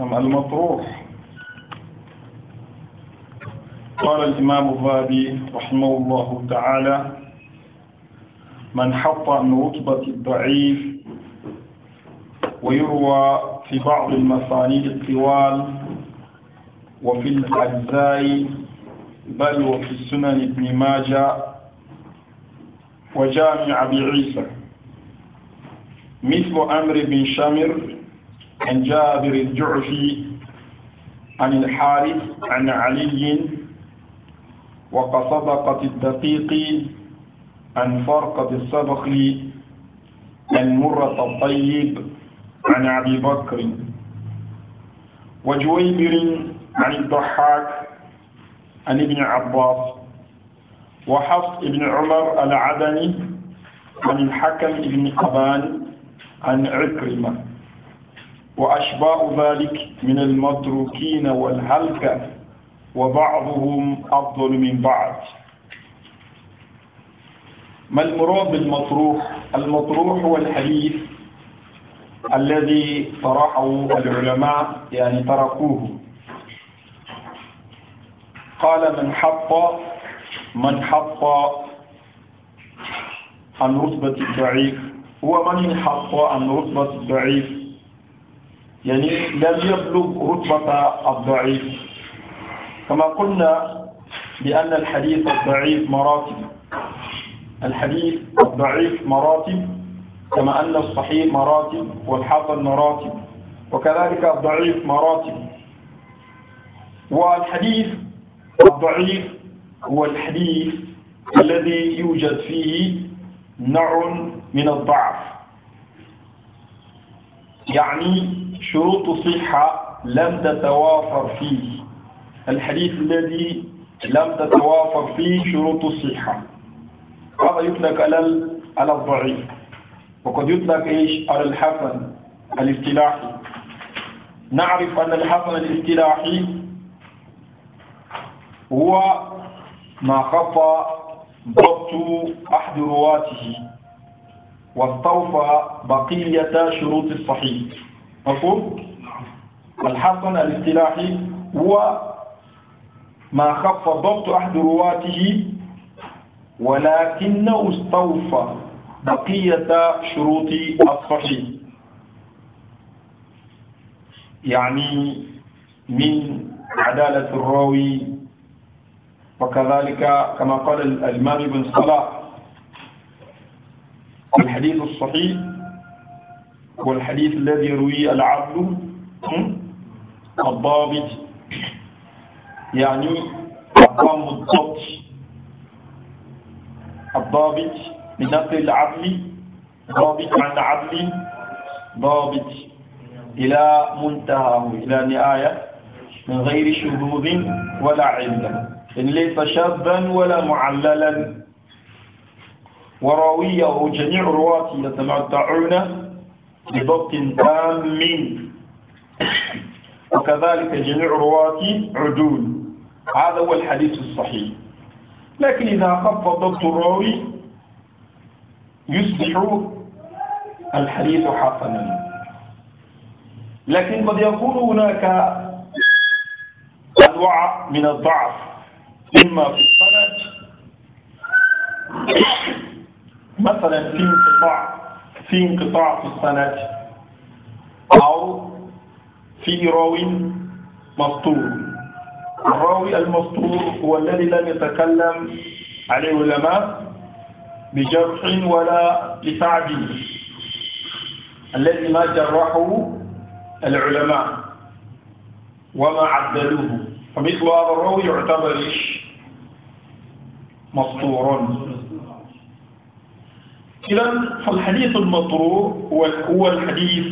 أم نعم، المطروح قال الإمام الذهبي رحمه الله تعالى من حط عن رتبة الضعيف ويروى في بعض المسانيد الطوال وفي الأجزاء بل وفي السنن ابن ماجه وجامع بعيسى مثل أمر بن شمر عن جابر الجعفي عن الحارث عن علي وقصدقة الدقيق عن فرقة الصبخل عن مرة الطيب عن أبي بكر وجويبر عن الضحاك عن ابن عباس وحفص بن عمر العدني عن الحكم بن قبان عن عكرمه وأشباه ذلك من المتروكين والهلكة وبعضهم أفضل من بعض ما المراد بالمطروح المطروح هو الحديث الذي طرحه العلماء يعني تركوه قال من حط من حط عن رتبة الضعيف هو من عن رتبة الضعيف يعني لم يبلغ رتبة الضعيف كما قلنا بأن الحديث الضعيف مراتب الحديث الضعيف مراتب كما أن الصحيح مراتب والحسن مراتب وكذلك الضعيف مراتب والحديث الضعيف هو الحديث الذي يوجد فيه نوع من الضعف يعني شروط صحة لم تتوافر فيه الحديث الذي لم تتوافر فيه شروط الصحة هذا يطلق على الضعيف وقد يطلق ايش على الحسن الاصطلاحي نعرف أن الحسن الاصطلاحي هو ما خفى ضبط أحد رواته واستوفى بقية شروط الصحيح مفهوم الحصن الاصطلاحي هو ما خف ضبط أحد رواته ولكنه استوفى بقية شروط الصحيح يعني من عدالة الراوي وكذلك كما قال الإمام ابن صلاح الحديث الصحيح والحديث الذي روي العدل الضابط يعني أقام الضبط الضابط بنقل العدل ضابط عن عدل ضابط إلى منتهاه إلى نهاية من غير شذوذ ولا علة إن ليس شاذا ولا معللا وراويه جميع الرواة يتمتعون بضبط تام وكذلك جميع رواة عدول هذا هو الحديث الصحيح لكن إذا خف ضبط الراوي يصبح الحديث حسنا لكن قد يكون هناك أنواع من الضعف إما في السند مثلا في انقطاع في انقطاع في الصلاة أو في راوي مسطور الراوي المسطور هو الذي لم يتكلم عليه العلماء بجرح ولا لسعد الذي ما جرحه العلماء وما عدلوه فمثل هذا الراوي يعتبر مسطورا إذا فالحديث المطروح هو الحديث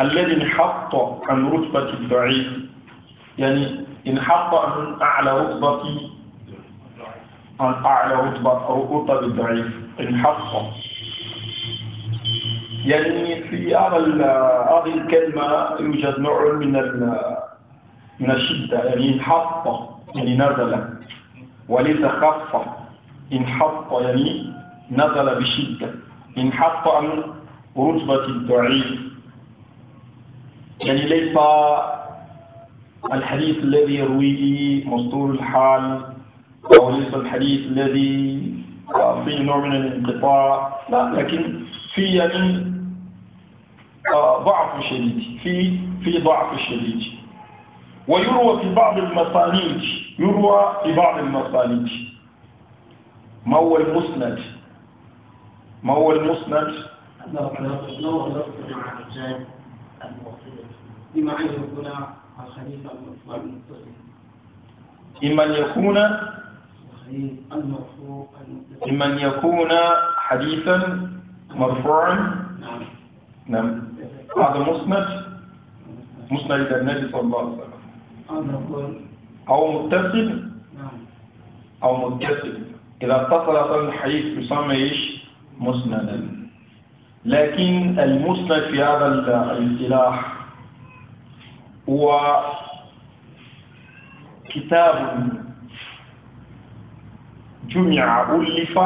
الذي انحط عن رتبة الضعيف يعني انحط عن أعلى رتبة عن أعلى رتبة رتبة الضعيف انحط يعني في هذا هذه الكلمة يوجد نوع من من الشدة يعني انحط يعني نزل وليس خف انحط يعني نزل بشدة انحط عن رتبة الضعيف يعني ليس الحديث الذي يرويه مصدور الحال أو ليس الحديث الذي فيه نوع من الانقطاع لا لكن في يعني آه، ضعف شديد في في ضعف شديد ويروى في بعض المصانيد يروى في بعض المصانيد ما هو المسند ما هو المسند بما أن يكون الخليفة المتصل يكون يكون حديثا مرفوعا نعم. نعم هذا مسند مسند إلى النبي صلى الله عليه وسلم أو متصل نعم. أو متصل إذا اتصل الحديث يسمى إيش؟ مسندا لكن المسند في هذا الاصطلاح هو كتاب جمع ألف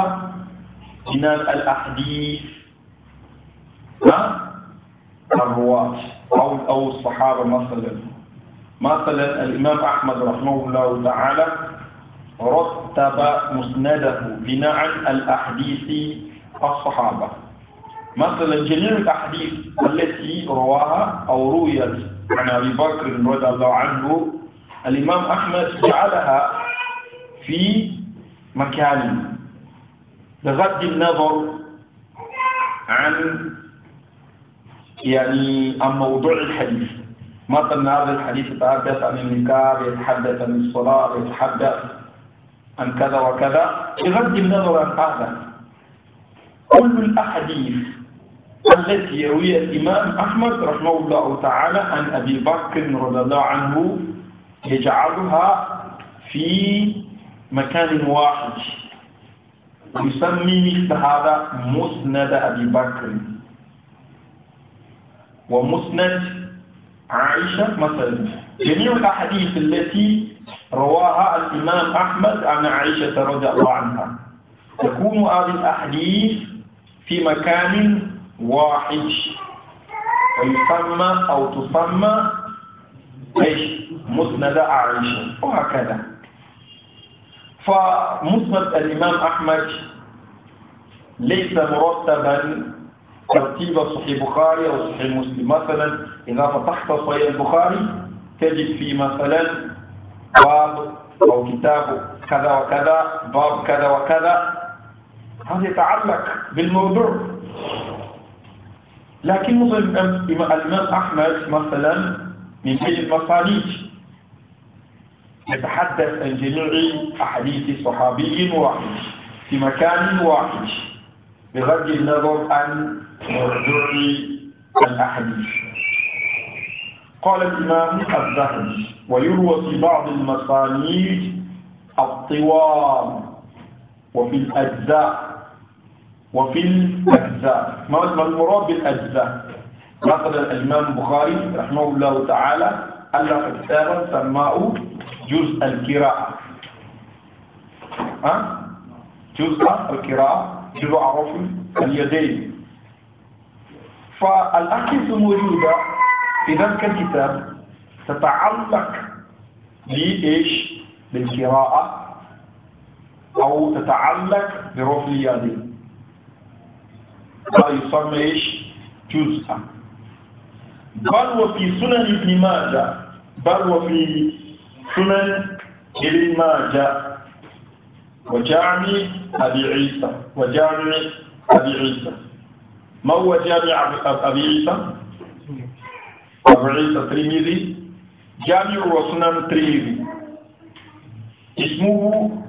من الأحاديث الرواة أو أو الصحابة مثلا مثلا الإمام أحمد رحمه الله تعالى رتب مسنده بناء الأحاديث الصحابة مثلا جميع الأحاديث التي رواها أو رويت عن أبي بكر رضي الله عنه الإمام أحمد جعلها في مكان بغض النظر عن يعني عن موضوع الحديث مثلا هذا الحديث يتحدث عن النكاح يتحدث عن الصلاة يتحدث عن كذا وكذا بغض النظر عن هذا كل الأحاديث التي يرويها الإمام أحمد رحمه الله تعالى عن أبي بكر رضي الله عنه يجعلها في مكان واحد يسمي مثل هذا مسند أبي بكر ومسند عائشة مثلا جميع الأحاديث التي رواها الإمام أحمد عن عائشة رضي الله عنها تكون هذه الأحاديث في مكان واحد ويسمى أو تسمى إيش مسند عائشة وهكذا فمسند الإمام أحمد ليس مرتبا ترتيب صحيح البخاري أو صحيح مسلم مثلا إذا فتحت صحيح البخاري تجد في مثلا باب أو كتاب كذا وكذا باب كذا وكذا هذا يتعلق بالموضوع لكن الإمام أحمد مثلا من حيث المصانيد يتحدث عن جميع أحاديث صحابي واحد في مكان واحد بغض النظر عن موضوع الأحاديث قال الإمام الذهبي ويروى في بعض المصانيد الطوال وفي الأجزاء وفي الأجزاء ما المراد بالأجزاء نقل الإمام البخاري رحمه الله تعالى ألف كتابا سماه جزء القراءة ها جزء القراءة جزء رفع اليدين فالأحاديث الموجودة في ذلك الكتاب تتعلق بإيش؟ بالقراءة أو تتعلق برفع اليدين لا يسمى ايش جزءا بل وفي سنن ابن ماجه بل وفي سنن ابن ماجه وجامع ابي عيسى وجامع ابي عيسى ما هو جامع ابي عيسى؟ ابو عيسى الترمذي جامع وسنن الترمذي اسمه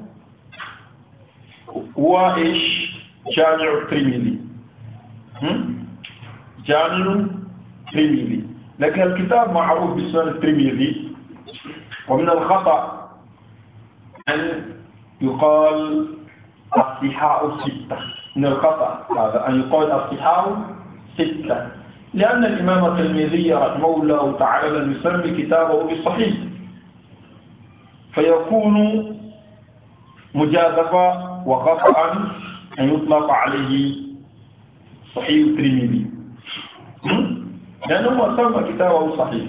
هو ايش؟ جامع الترمذي جامع ترمذي لكن الكتاب معروف باسم الترمذي ومن الخطأ أن يقال الصحاء ستة من الخطأ هذا أن يقال الصحاء ستة لأن الإمام الترمذي رحمه الله تعالى لم يسمي كتابه بالصحيح فيكون مجازفة وخطأ أن يطلق عليه صحيح الترمذي لأنه سمى كتابه صحيح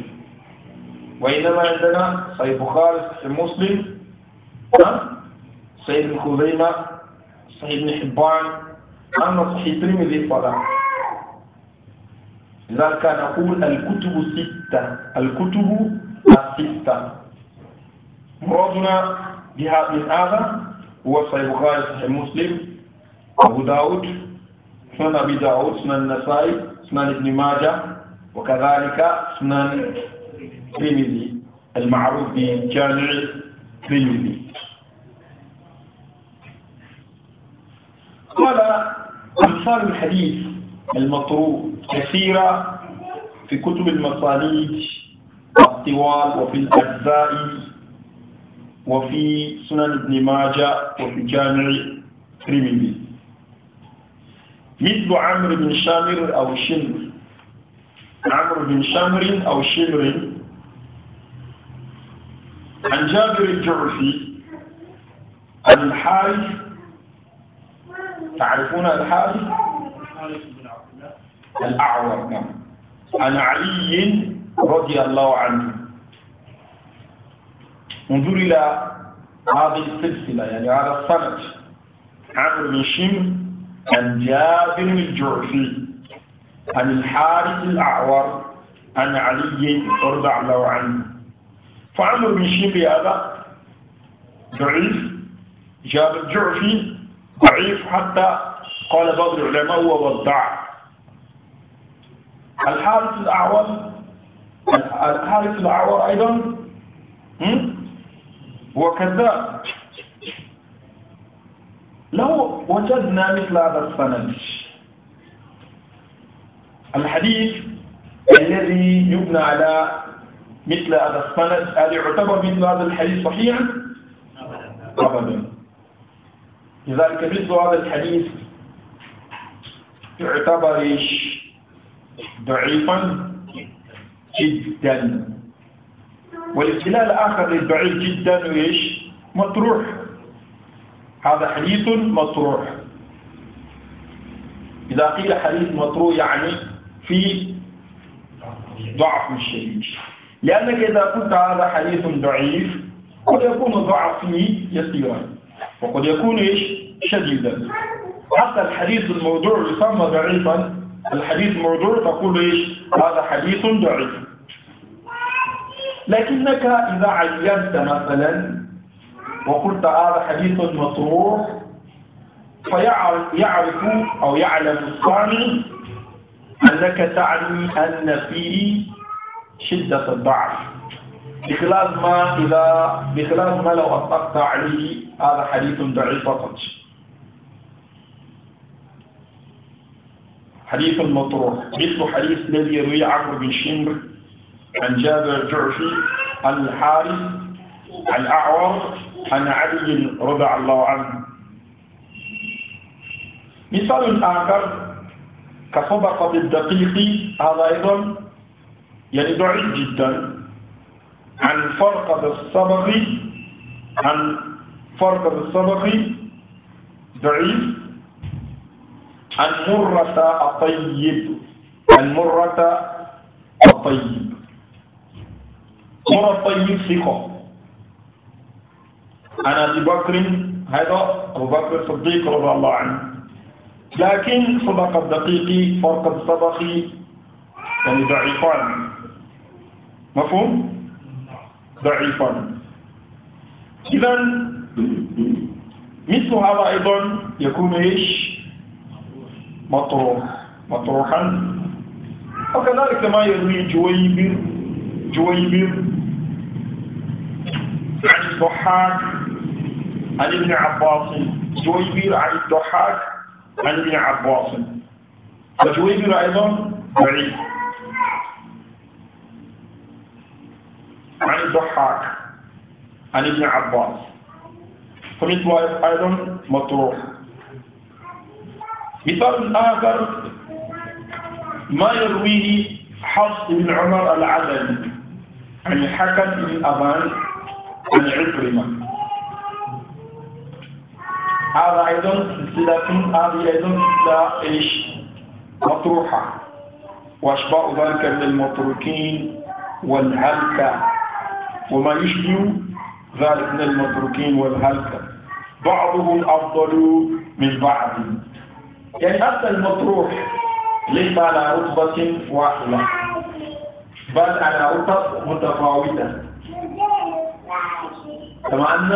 وإنما عندنا صحيح بخاري صحيح مسلم صحيح ابن خزيمة صحيح ابن حبان أما صحيح الترمذي فلا لذلك نقول الكتب ستة الكتب الستة مرادنا بهذا هو صحيح البخاري صحيح مسلم أبو داود سنن أبي داود سنن النسائي سنن ابن ماجه وكذلك سنن الترمذي المعروف بجامع الترمذي قال أمثال الحديث المطروح كثيرة في كتب المصانيد الطوال وفي الأجزاء وفي سنن ابن ماجه وفي جامع الترمذي مثل عمرو بن شامر أو شمر عمرو بن شامر أو شمر عن جابر الجعفي عن الحارث تعرفون الحارث الأعور نعم عن علي رضي الله عنه انظر إلى هذه السلسلة يعني هذا الصمت عمرو بن شمر عن جابر الجعفي عن الحارث الأعور عن علي رضي الله عنه فعمر بن شيبي هذا ضعيف جابر الجعفي ضعيف حتى قال بعض العلماء هو وضع الحارث الأعور الحارث الأعور أيضا هو كذاب لو وجدنا مثل هذا السند الحديث الذي يبنى على مثل هذا السند هل يعتبر مثل هذا الحديث صحيحا؟ أبدا لذلك مثل هذا الحديث يعتبر ضعيفا جدا والاستدلال الآخر للضعيف جدا ويش مطروح هذا حديث مطروح إذا قيل حديث مطروح يعني في ضعف الشريك لأنك إذا قلت هذا حديث ضعيف قد يكون ضعف فيه يسيرا وقد يكون إيش شديدا حتى الحديث الموضوع يسمى ضعيفا الحديث الموضوع تقول إيش هذا حديث ضعيف لكنك إذا عينت مثلا وقلت هذا حديث مطروح فيعرف أو يعلم الثاني أنك تعني أن فيه شدة الضعف بخلاف ما إذا بخلاف ما لو أطلقت عليه هذا حديث ضعيف فقط حديث مطروح مثل حديث الذي روي عمرو بن شمر عن جابر الجعفي عن الحارث عن الأعور عن علي رضي الله عنه مثال آخر كصدقة الدقيق هذا أيضا يعني بعيد جدا عن فرقة الصبغ عن فرقة الصبغ بعيد عن مرة الطيب عن مرة الطيب مرة الطيب ثقة عن أبي بكر هذا أبو بكر الصديق رضي الله عنه لكن صدق الدقيق فرق الصدق يعني ضعيفان مفهوم؟ ضعيفان إذا مثل هذا أيضا يكون إيش؟ مطروح مطروحا وكذلك ما يروي جويبر جويبر يعني الضحاك عن ابن عباس جويبير عن الضحاك عن ابن عباس وجويبير أيضا بعيد عن الضحاك عن ابن عباس فمثل أيضا مطروح مثال آخر ما يرويه حفص بن عمر العدل عن الحكم بن أبان عن عكرمة هذا أيضا سلسلة هذه أيضا سلسلة إيش مطروحة وأشباع ذلك من المتروكين والهلكة وما يشبه ذلك من المتروكين والهلكة بعضهم أفضل من بعض يعني حتى المطروح ليس على رتبة واحدة بل على رتب متفاوتة كما أن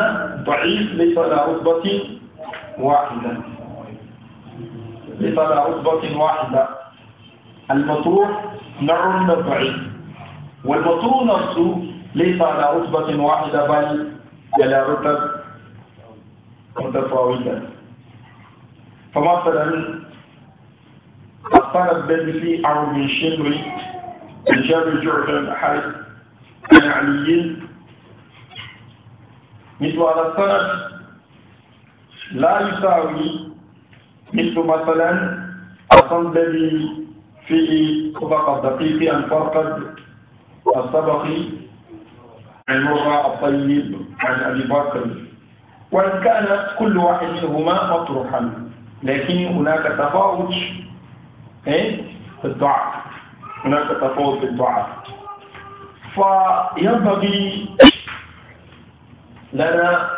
ضعيف ليس على رتبة واحدا لطلع رتبة واحدة المطروح نر نبعي والمطروح نفسه ليس على رتبة واحدة بل على رتب متفاوتة فمثلا بن في أو من شمري من جابر جعفر الحارث عن عليين مثل على الطلب لا يساوي مثل مثلا الذي في طبق الدقيق أن فرقد الطبق عن مرة الطيب عن أبي بكر وإن كان كل واحد منهما مطروحا لكن هناك تفاوت إيه؟ في الدعاء هناك تفاوت في الدعاء فينبغي لنا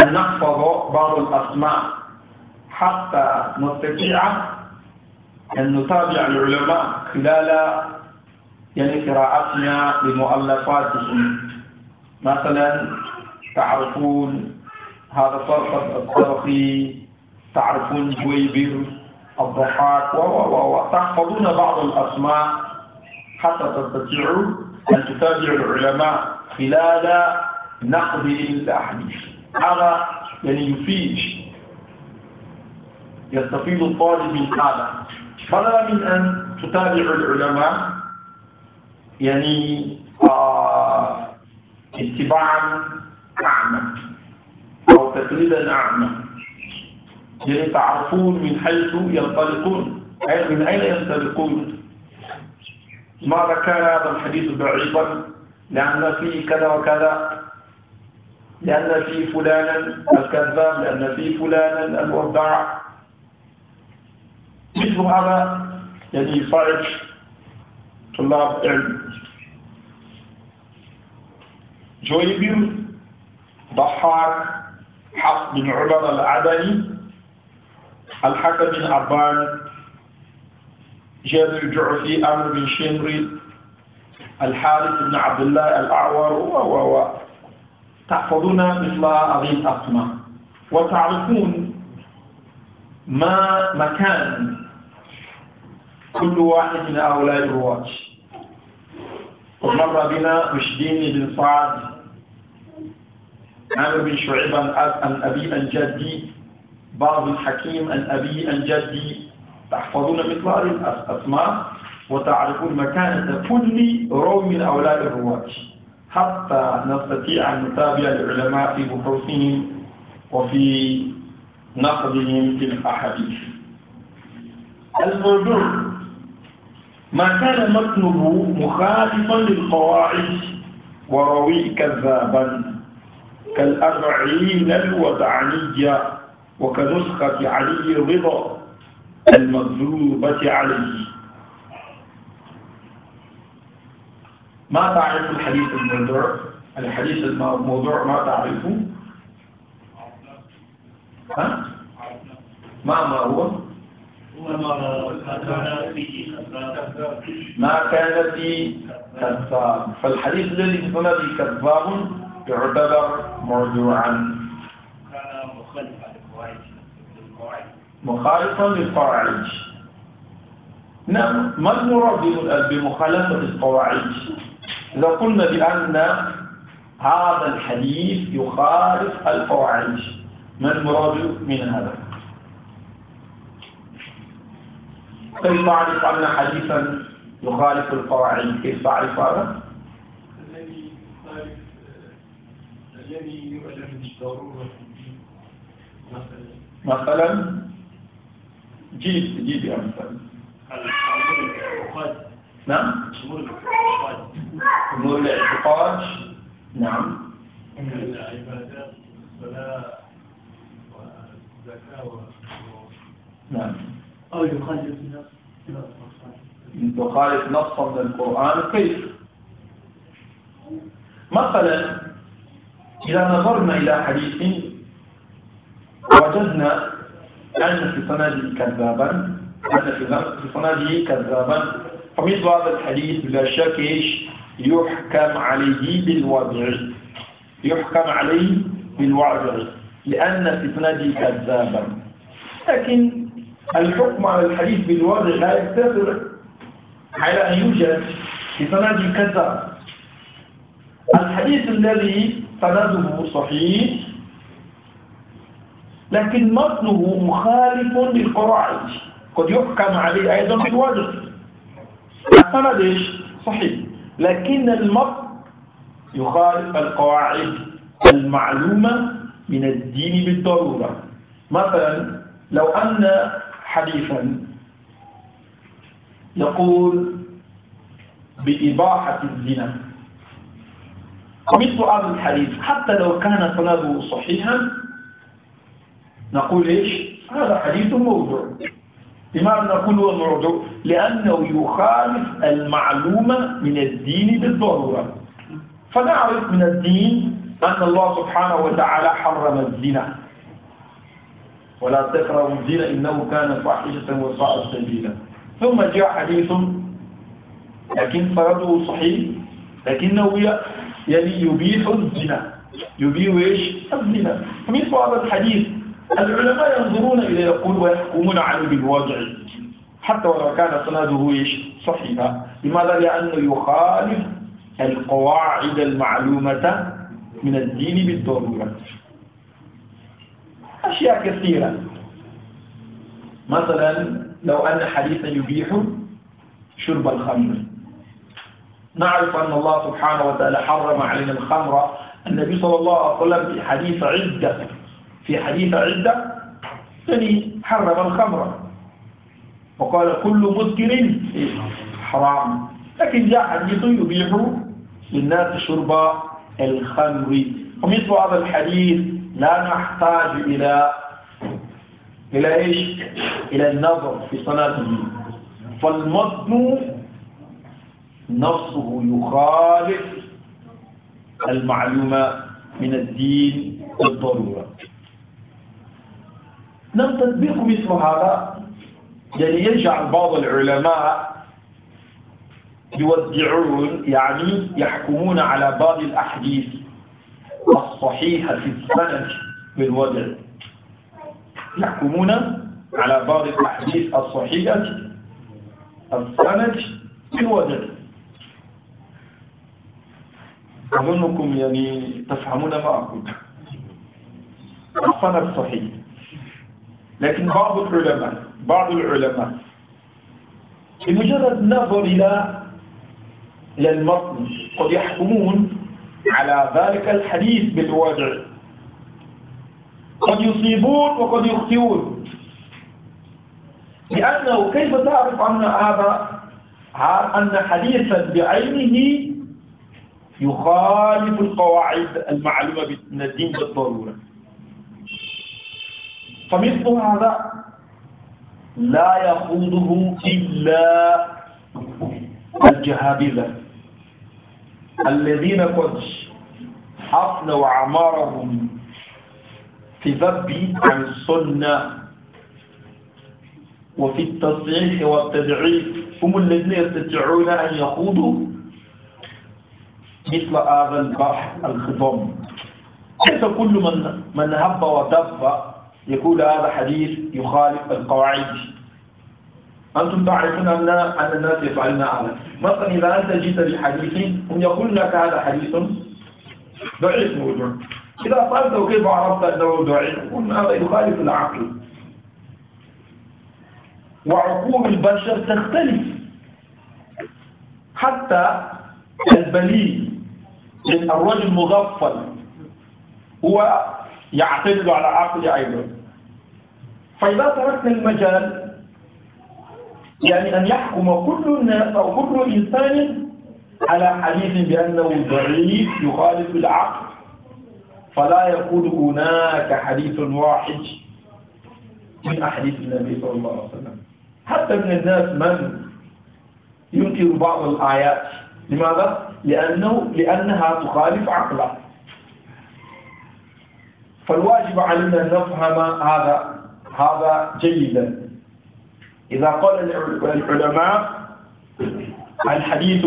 أن نحفظ بعض الأسماء حتى نستطيع أن نتابع العلماء خلال يعني قراءتنا لمؤلفاتهم مثلا تعرفون هذا صرف الصرخي تعرفون جويبر الضحاك وتحفظون بعض الأسماء حتى تستطيعوا أن تتابعوا العلماء خلال نقد الأحاديث على يعني يفيد يستفيد الطالب من هذا فلا من أن تتابع العلماء يعني آه، اتباعا أعمى أو تقليدا أعمى يعني تعرفون من حيث ينطلقون أي من أين ينطلقون ماذا كان هذا الحديث بعيدا لأن فيه كذا وكذا لأن في فلانا الكذاب لأن في فلانا الوضع مثل هذا يعني فرج طلاب علم جويبيو ضحاك حق بن عمر العدني الحكم بن عبان جابر الجعفي امر بن شمري الحارث بن عبد الله الأعور و و و تحفظون مثل هذه الأسماء وتعرفون ما مكان كل واحد من هؤلاء الرواة ومر بنا رشدين بن سعد عامر بن شعيب عن أبي جدي بعض الحكيم عن أبي جدي تحفظون مثل هذه الأسماء وتعرفون مكانة كل روم من أولاد الرواة حتى نستطيع أن نتابع العلماء في بحوثهم وفي نقدهم في الأحاديث الموضوع ما كان متنه مخالفا للقواعد وروي كذابا كالأربعين الوضعنية وكنسخة علي الرضا المكذوبة عليه ما تعرف الحديث الموضوع الحديث الموضوع ما تعرفه ها ما ما هو ما كان في كذاب فالحديث الذي هنا في كذاب يعتبر موضوعا مخالفا للقواعد نعم ما المراد بمخالفة القواعد لقلنا قلنا بأن هذا الحديث يخالف الفواحش ما المراد من هذا كيف أعرف أن حديثا يخالف القواعد كيف أعرف هذا؟ الذي يخالف الذي يؤلم بالضرورة مثلا مثلا جيب جيب يا مثلا نعم أمور الاعتقاد نعم نعم أو يخالف نص نصا من القرآن كيف مثلا إذا نظرنا إلى حديث وجدنا أن في صناديق كذابا أن في صناديق كذابا فمثل هذا الحديث بلا شك إيش يحكم عليه بالوضع يحكم عليه بالوضع لأن في كذابا لكن الحكم على الحديث بالوضع لا يقتصر على أن يوجد في كذاب الحديث الذي سنده صحيح لكن متنه مخالف للقرائن قد يحكم عليه أيضا بالوجه السند ايش صحيح لكن المرء يخالف القواعد المعلومة من الدين بالضرورة مثلا لو أن حديثا يقول بإباحة الزنا مثل هذا الحديث حتى لو كان صلاته صحيحا نقول إيش هذا حديث موضوع لماذا نقول هو مرجع لأنه يخالف المعلومة من الدين بالضرورة فنعرف من الدين أن الله سبحانه وتعالى حرم الزنا ولا تقربوا الزنا إنه كان فاحشة وساء سبيلا ثم جاء حديث لكن فرده صحيح لكنه يعني يبيح الزنا يبيح ايش الزنا فمن هذا الحديث العلماء ينظرون إلى يقول ويحكمون عنه بالواقع حتى ولو كان سنده ايش صحيحا لماذا لانه يخالف القواعد المعلومه من الدين بالضروره اشياء كثيره مثلا لو ان حديثا يبيح شرب الخمر نعرف ان الله سبحانه وتعالى حرم علينا الخمر النبي صلى الله عليه وسلم في حديث عده في حديث عدة ثاني حرم الخمر وقال كل مسكر حرام لكن جاء حديث يبيح للناس شرب الخمر ومثل هذا الحديث لا نحتاج إلى إلى إيش؟ إلى النظر في صلاته فالمتن نفسه يخالف المعلومة من الدين بالضرورة لم تطبيق مثل هذا يعني يجعل بعض العلماء يودعون يعني يحكمون على بعض الأحاديث الصحيحة في السند بالوضع يحكمون على بعض الأحاديث الصحيحة السند بالوضع أظنكم يعني تفهمون ما أقول السند الصحيح لكن بعض العلماء بعض العلماء بمجرد النظر إلى إلى قد يحكمون على ذلك الحديث بالوضع قد يصيبون وقد يخطئون لأنه كيف تعرف أن هذا أن حديثا بعينه يخالف القواعد المعلومة من الدين بالضرورة فمثل هذا لا يقوده إلا الجهابذة الذين قد حفلوا أعمارهم في ذب عن السنة وفي التصحيح والتدعيف هم الذين يستطيعون أن يخوضوا مثل هذا البحر الخضم ليس كل من من هب ودب يقول هذا حديث يخالف القواعد أنتم تعرفون أن أن الناس يفعلون هذا مثلا إذا أنت جئت بحديث هم يقول لك هذا حديث ضعيف موضوع إذا سألته كيف عرفت أنه ضعيف قلنا هذا يخالف العقل وعقول البشر تختلف حتى البليد الرجل مغفل هو يعتمد على عقل أيضا فإذا تركنا المجال يعني أن يحكم كل الناس أو كل إنسان على حديث بأنه ضعيف يخالف العقل فلا يكون هناك حديث واحد من أحاديث النبي صلى الله عليه وسلم حتى من الناس من ينكر بعض الآيات لماذا؟ لأنه لأنها تخالف عقله فالواجب علينا أن نفهم هذا هذا جيدا إذا قال العلماء الحديث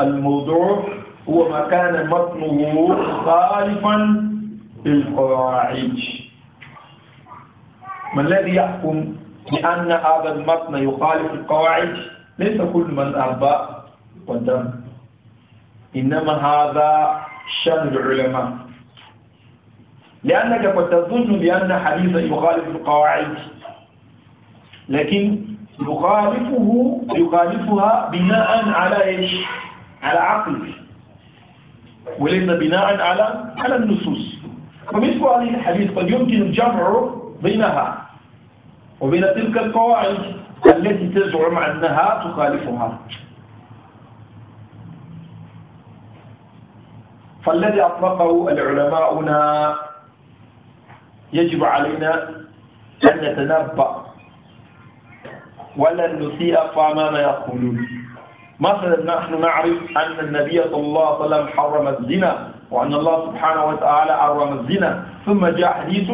الموضوع هو ما كان متنه مخالفا للقواعد ما الذي يحكم بأن هذا المتن يخالف القواعد ليس كل من أبى والدم إنما هذا شأن العلماء لأنك قد تظن بأن حديثا يخالف القواعد لكن يخالفه يخالفها بناء على إيش؟ على عقل وليس بناء على على النصوص فمثل هذه الحديث قد يمكن الجمع بينها وبين تلك القواعد التي تزعم أنها تخالفها فالذي أطلقه العلماء يجب علينا أن نتنبأ ولن نسيء فما يقولون مثلا نحن نعرف أن النبي صلى الله عليه وسلم حرم الزنا وأن الله سبحانه وتعالى حرم الزنا ثم جاء حديث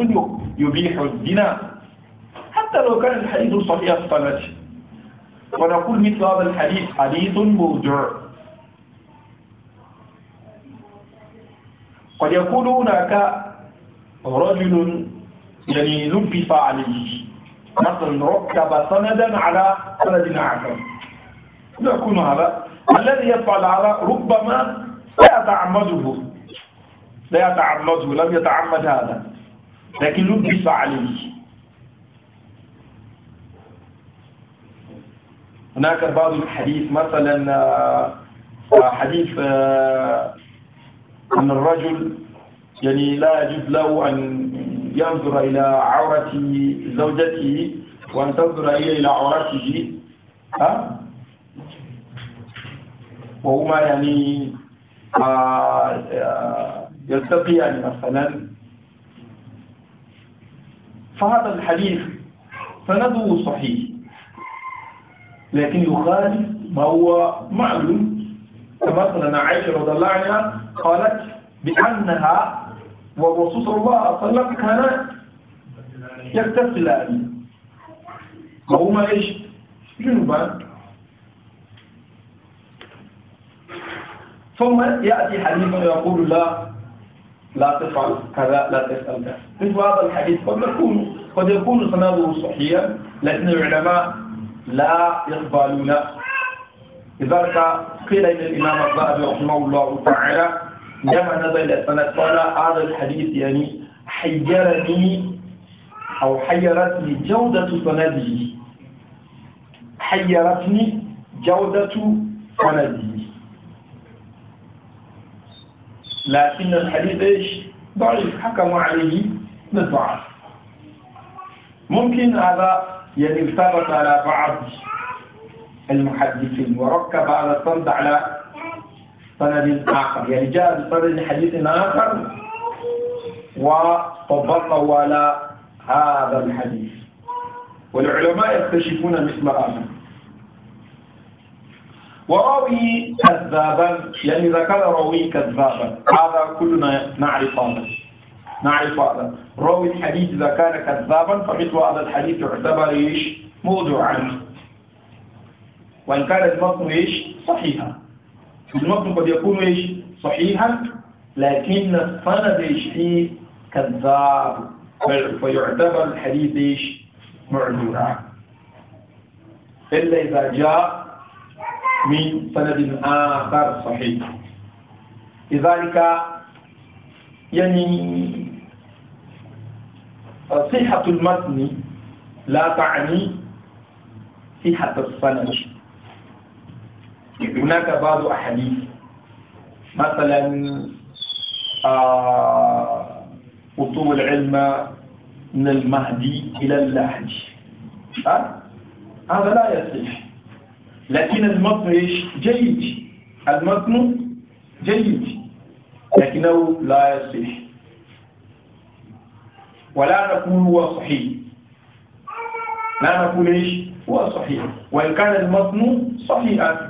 يبيح الزنا حتى لو كان الحديث صحيح فنجح ونقول مثل هذا الحديث حديث مرجع قد يكون هناك رجل يعني لبس عليه مثلا ركب سندا على سند اعجم لا يكون هذا الذي يفعل هذا ربما لا يتعمده لا يتعمده لم يتعمد هذا لكن لبس عليه هناك بعض الحديث مثلا آه، حديث أن آه، الرجل يعني لا يجوز له أن ينظر إلى عورة زوجته وأن تنظر هي إلى عورته ها وهما يعني آه، آه، يلتقيان يعني مثلا فهذا الحديث سنده صحيح لكن يخالف ما هو معلوم كما مثلا عائشة رضي الله عنها قالت بأنها والرسول صلى الله عليه وسلم كان يغتسلان وهما ايش جنوبا ثم يأتي حديث ويقول لا لا تفعل كذا لا تسأل كذا مثل هذا الحديث قد يكون قد يكون سناده صحيا لكن العلماء لا يقبلون لذلك قيل إن الإمام الذهبي رحمه الله تعالى لما نزل السند قال هذا الحديث يعني حيرني أو حيرتني جودة سنده حيرتني جودة سنده لكن الحديث ايش ضعيف حكموا عليه بالضعف ممكن هذا يعني ارتبط على بعض المحدثين وركب هذا الصمد على سند آخر يعني جاء بسند حديث آخر وطبقه على هذا الحديث والعلماء يكتشفون مثل هذا وراوي كذابا يعني إذا كان راوي كذابا هذا كلنا نعرف هذا نعرف هذا راوي الحديث إذا كان كذابا فمثل هذا الحديث يعتبر إيش موضوعا وإن كان المتن إيش صحيحا المتن قد يكون ايش صحيحا لكن السند ايش فيه كذاب فيعتبر الحديث ايش معذورا إلا إذا جاء من سند آخر صحيح لذلك يعني صحة المتن لا تعني صحة السند هناك بعض أحاديث مثلا أطول آه، العلم من المهدي إلى اللحج هذا لا يصح لكن المطن جيد المطن جيد لكنه لا يصح ولا نقول هو صحيح لا نقول ايش هو صحيح وان كان المطن صحيحا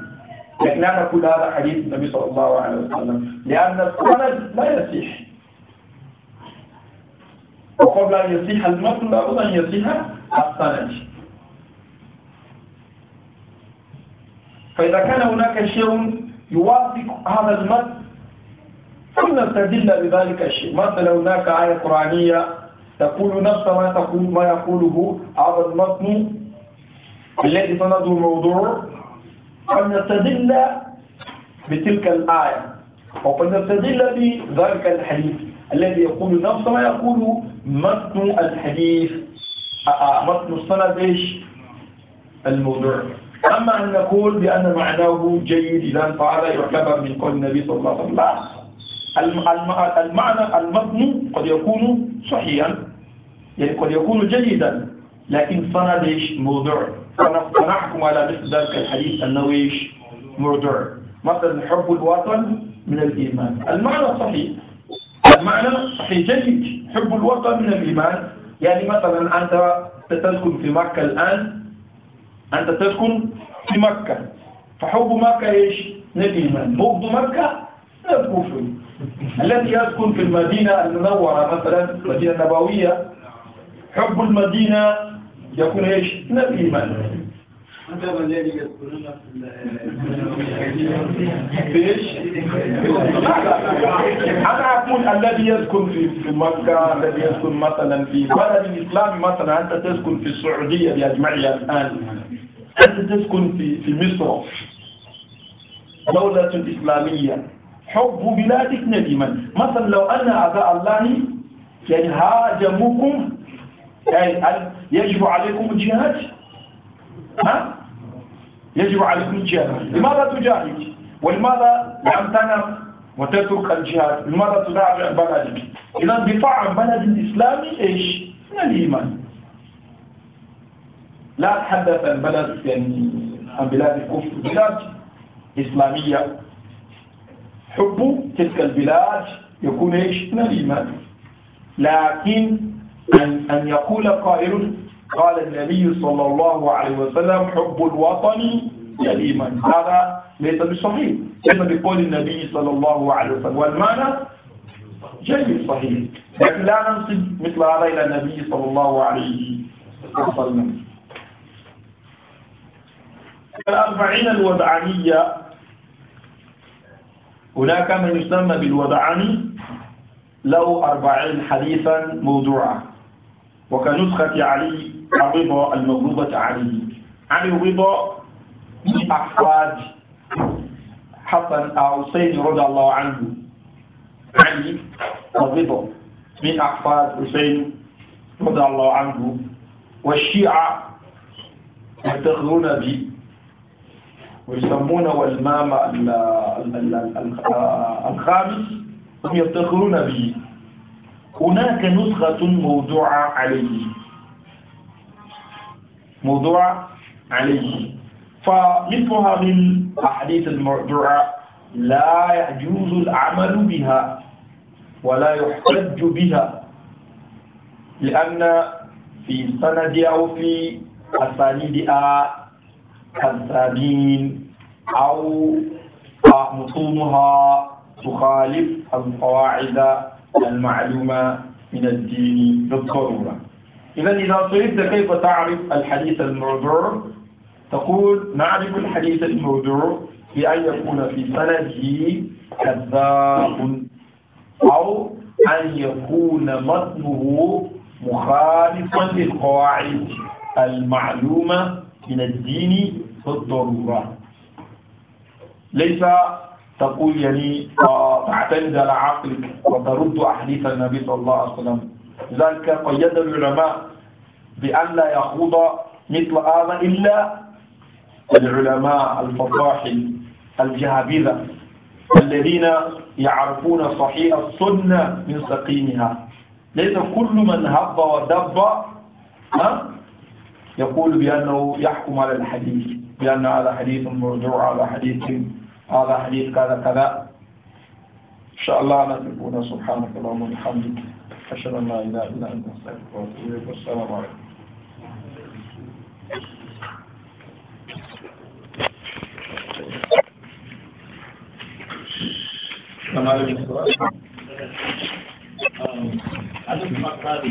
لكن لا نقول هذا حديث النبي صلى الله عليه وسلم لأن السند لا يسيح وقبل أن يسيح المتن لابد أن يسيح السند فإذا كان هناك شيء يوافق هذا المتن فلنستدل بذلك الشيء مثلا هناك آية قرآنية تقول نفس ما تقول ما يقوله هذا المتن الذي سنده الموضوع فنستدل بتلك الآية وفلنستدل بذلك الحديث الذي يقول نفس ما يقول متن الحديث آه، آه، متن السند ايش؟ الموضوع أما أن نقول بأن معناه جيد إذا فهذا يعتبر من قول النبي صلى الله عليه وسلم المعنى المتن قد يكون صحيحا يعني قد يكون جيدا لكن سند ايش؟ موضوع فنحكم على مثل ذلك الحديث أنه إيش موضوع مثلا حب الوطن من الإيمان المعنى صحيح المعنى صحيح جيد حب الوطن من الإيمان يعني مثلا أنت تسكن في مكة الآن أنت تسكن في مكة فحب مكة إيش من الإيمان بغض مكة الكفر الذي يسكن في المدينة المنورة مثلا المدينة النبوية حب المدينة يكون ايش من انا اقول الذي يسكن في مكه الذي يسكن مثلا في بلد الاسلام مثلا انت تسكن في السعوديه يا جماعه الان انت تسكن في في مصر دولة إسلامية حب بلادك ندما مثلا لو أن أعداء الله يعني هاجموكم يعني هل يجب عليكم الجهاد ها يجب عليكم الجهاد لماذا تجاهد ولماذا لم تنم وتترك الجهاد لماذا تدافع عن بلدك اذا الدفاع عن بلد الاسلامي ايش من الايمان لا تحدث عن بلد يعني عن بلاد الكفر بلاد اسلاميه حب تلك البلاد يكون ايش من الايمان لكن أن, أن يقول قائل قال النبي صلى الله عليه وسلم حب الوطن يليما هذا ليس بصحيح ليس بقول النبي صلى الله عليه وسلم والمعنى جيد صحيح لكن لا ننسب مثل هذا إلى النبي صلى الله عليه وسلم الأربعين الوضعانية هناك من يسمى بالوضعاني له أربعين حديثا موضوعا وكنسخة علي الرضا المغلوبة عليه علي الرضا من أفراد حسن أو حسين رضي الله عنه علي الرضا من أحفاد حسين رضي الله عنه والشيعة يفتخرون به ويسمونه الإمام آه، الخامس هم يفتخرون به هناك نسخة موضوعة عليه موضوعة عليه فمثل هذه الأحاديث الموضوعة لا يجوز العمل بها ولا يحتج بها لأن في سند أو في أسانيدها كذابين أو متونها تخالف القواعد المعلومة من الدين بالضرورة إذا إذا طلبت كيف تعرف الحديث الموضوع تقول نعرف الحديث الموضوع بأن يكون في سنده كذاب أو أن يكون متنه مخالفا للقواعد المعلومة من الدين بالضرورة ليس تقول يعني تعتمد آه، على عقلك وترد أحاديث النبي صلى الله عليه وسلم لذلك قيد العلماء بأن لا يخوض مثل هذا إلا العلماء الفضاحل الجهابذة الذين يعرفون صحيح السنة من سقيمها ليس كل من هب ودب يقول بأنه يحكم على الحديث بأن هذا حديث مرجوع على حديث هذا حديث كذا كذا إن شاء الله لا تكون سبحانك اللهم وبحمدك أشهد أن لا إله إلا أنت أستغفرك وأتوب إليك والسلام عليكم السلام عليكم ورحمة الله وبركاته